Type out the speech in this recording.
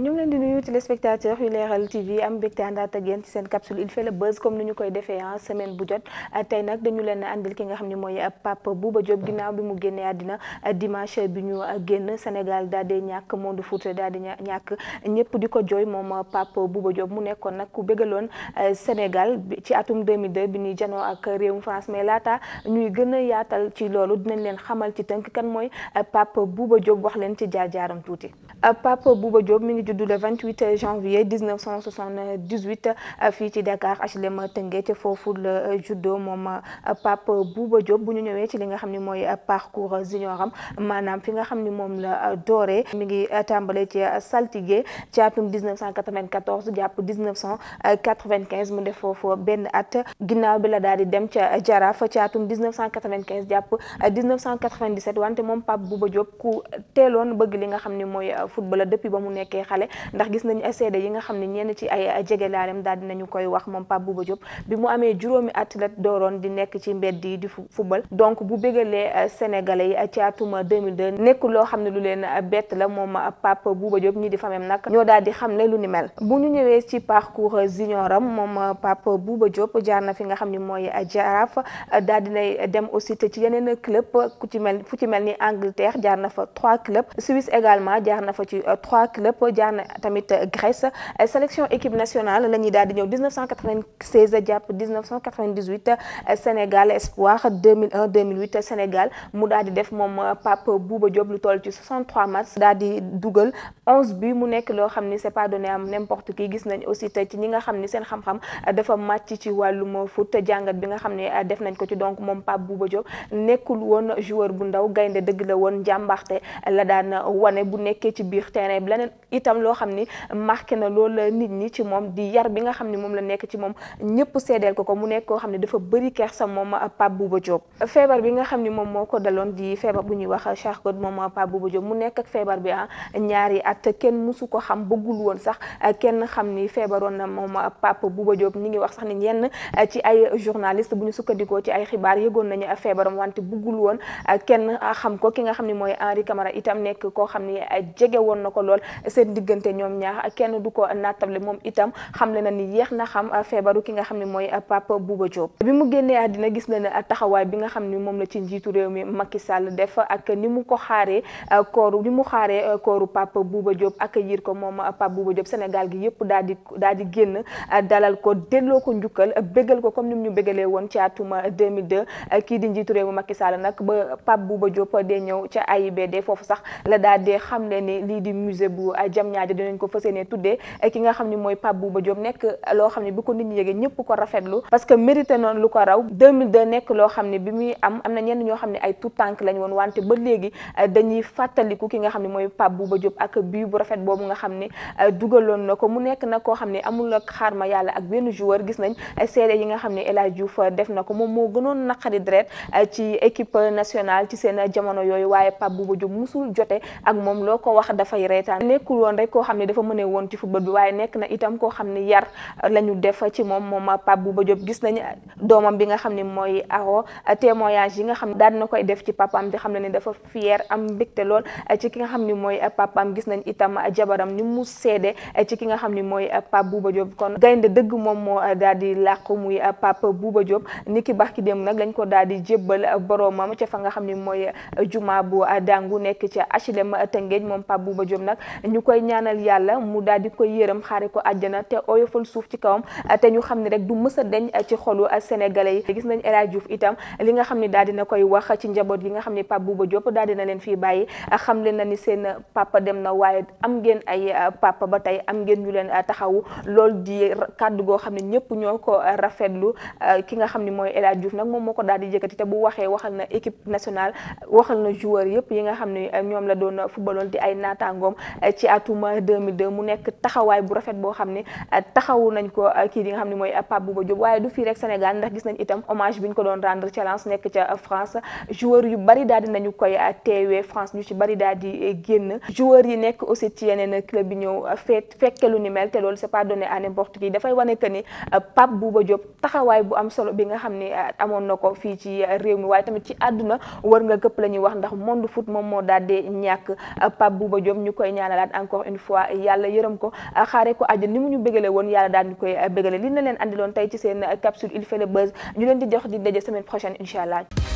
ñu ngi leen di nuyu téléspectateurs yu leeral TV am mbégte àndaat ak ci seen capsule il fait le buzz comme ni ñu koy defee en semaine bu jot tey nag dañu leen àndil ki nga xam ne mooy Pape Bouba Diop mm-hmm. ginnaaw bi mu génnee àddina dimanche bi ñu génn Sénégal daal di ñàkk monde foot daal di ñàkk ñëpp di ko jooy moom Pape Bouba Diop mu nekkoon nag ku bégaloon euh, Sénégal ci atum 2002 bi ñuy janoo ak réewum France mais laata ñuy gën a yaatal ci loolu dinañ leen xamal ci tënk kan mooy Pape buuba Diop wax leen ci jaar jaaram tuuti Pape Bouba Diop mi ngi judd le 28 janvier 1978 euh, fii ci Dakar HLM Tëngéej foofu la euh, juddoo moom euh, Pape Bouba Diop bu ñu ñëwee ci li nga xam ne mooy parcours junior maanaam fi nga xam ne moom la dooree mi ngi tàmbale ci saltige ci atum 1994 jàpp 1995 mu def foofu benn at ginnaaw bi la daal di dem ca Jaraaf ci atum 1995 jàpp 1997 wante moom Pape Bouba Diop ku teeloon bëgg li nga xam ne mooy football depuis ba mu nekkee xale ndax gis nañu seede yi nga xam ne ñenn ci ay jegelaalem daal dinañu koy wax moom Pape Bouba Diop bi mu amee juróomi at la dooroon di nekk ci mbedd yi di football donc bu bégalee euh, sénégalais yi ci atuma 2002 nekkul loo xam ne lu leen euh, bett la moom euh, Pape Bouba Diop ñi di famem nag ñoo daal di xamle lu ni mel bu ñu ñëwee ci parcours junioram moom Pape Bouba Diop jaar na fi nga xam ne mooy Jaraaf daal dinay dem aussi ci yeneen club ku ci mel ci mel ni Angleterre jaar na fa trois club Suisse également jaar na fa ci trois Diane tamit euh, Grèce euh, sélection équipe nationale la ñuy daal di ñëw 1996 jàpp 1998 euh, Sénégal Espoir 2001 2008 Sénégal mu daal di def moom Pape Bouba Diop lu toll ci 63 matchs daal di dugal 11 buts mu nekk loo xam ni c'est pas donné am n'importe ki gis nañ aussi te ci ñi nga xam ni seen xam-xam dafa màcc ci wàllum foot jàngat bi nga xam ne def nañ ko ci donc moom Pape Bouba Diop nekkul woon joueur bu ndaw gaynde dëgg la woon njàmbaarte la daan wane bu nekkee ci biir terrain bi leneen itam itam loo xam ni marqué na loolu nit ñi ci moom di yar bi nga xam ni moom la nekk ci moom ñëpp seedeel ko ko mu nekk koo xam ne dafa bëri kersa moom Pape Bouba Diop feebar bi nga xam ni moom moo ko daloon di feebar bu ñuy wax Charcot moom Pape Bouba Diop mu nekk ak feebar bi ah ñaari at kenn musu ko xam bëggul woon sax kenn xam ni feebaroon na moom Pape Bouba Diop ñi ngi wax sax ni ñenn ci ay journaliste bu ñu sukkandikoo ci ay xibaar yëgoon nañu feebaram wante bëggul woon kenn xam ko ki nga xam ni mooy Henri Camara itam nekk koo xam ni jege woon na ko lool diggante ñoom ñaar na ni yéex ah, ki nga xam ne mooy ah, Pape Bouba Diop bi mu génnee àddina ah, bi nga xam ni moom la ci njiitu réew mi Macky Sall def ak ni mu ko xaaree mu xaaree kooru Pape Bouba Diop ak yiir ko moom Pape Bouba Diop Sénégal gi yëpp daal di daal di génn dalal ko delloo ko njukkal bégal ko comme ni mu ñu bégalee woon ci atuma de kii di njiitu réew mi Macky Sall nag ba Pape Bouba Diop dee ñëw ca AIBD foofu sax la daal dee ni lii di musée bu jam jam ñaaja dinañ ko fas yéene tuddee eh, ki nga xam ne mooy Pape Bouba Diop nekk loo xam ne bi ko nit ñi yëgee ñëpp ko rafetlu parce que mérité noonu lu ko raw 2002 nekk loo xam ne bi muy am am na ñenn ñoo xam ne ay tout tànk lañ woon wante ba léegi eh, dañuy fàttaliku ki nga xam ne mooy Pape Bouba Diop ak bii bu rafet boobu nga xam ne eh, dugaloon na ko mu nekk na koo xam ne amul ak xaar ma yàlla ak benn joueur gis nañ seede yi nga xam ne El Hadj Diouf def ko moom moo gënoon naqari deret ci équipe nationale ci seen jamono yooyu waaye Pape Bouba Diop musul jote ak doon rek koo xam ne dafa mëne woon ci football bi waaye nekk na itam koo xam ne yar la ñu def ci moom moom Pape Bouba Diop gis nañu doomam bi nga xam ne mooy Aro témoignage yi nga xam ne daan na koy def ci papaam di xam ne dafa fier am mbégte lool ci ki nga xam ne mooy papaam gis nañ itam jabaram ni mu seede ci ki nga xam ne mooy Pape Bouba Diop kon gaynde dëgg moom moo daal di làqu muy Pape Bouba Diop ni ki bax dem nag lañ ko daal di jébbal boroomam ca fa nga xam ne mooy juma bu a dangu nekk ca HLM Tëngéej moom Pape Bouba Diop nag koy ñaanal yàlla mu daal di koy yërëm xaare ko àjjana te oyofal suuf ci kawam te ñu xam ne rek du mës a deñ ci xolu sénégalais yi gis nañ El Hadj itam li nga xam ne daal na koy wax ci njaboot yi nga xam ne Pape Bouba Diop daal dina leen fii bàyyi xam leen na ni seen papa dem na waaye am ngeen ay papa ba tey am ngeen ñu leen taxawu loolu di kàddu goo xam ne ñëpp ñoo ko rafetlu ki nga xam ni mooy El Hadj nag moom moo ko daal di jëkkati te bu waxee waxal na équipe nationale waxal na joueur yëpp yi nga xam ne ñoom la doon footballoon di ay naataangoom ci atum atum 2002 mu nekk taxawaay bu rafet boo xam ne euh, taxawu nañ ko euh, kii di nga xam ne mooy euh, Pape Bouba Diop waaye du fii rek Sénégal ndax gis nañ itam hommage bi ñu ko doon rendre ca Lens nekk ca France joueur yu bari daal di nañu koy teewee France ñu ci bari daal di génn joueur yi nekk aussi ci yeneen club yi ñëw feet fekke lu ni mel te lool c'est pas donné à n'importe qui dafay wane que ni Pape Bouba Diop taxawaay bu am solo bi nga xam ni amoon na ko fii ci réew mi waaye tamit ci àdduna war nga këpp la ñuy wax ndax monde foot moom moo daal di ñàkk Pape Bouba Diop ñu koy ñaanalaat encore une fois yàlla yërëm ko xaare ko àjjana ni mu ñu bégale woon yàlla daan ñu koy bégale li na leen andiloon tey ci seen capsule il fait le buzz ñu leen di jox di daje semaine prochaine incha allah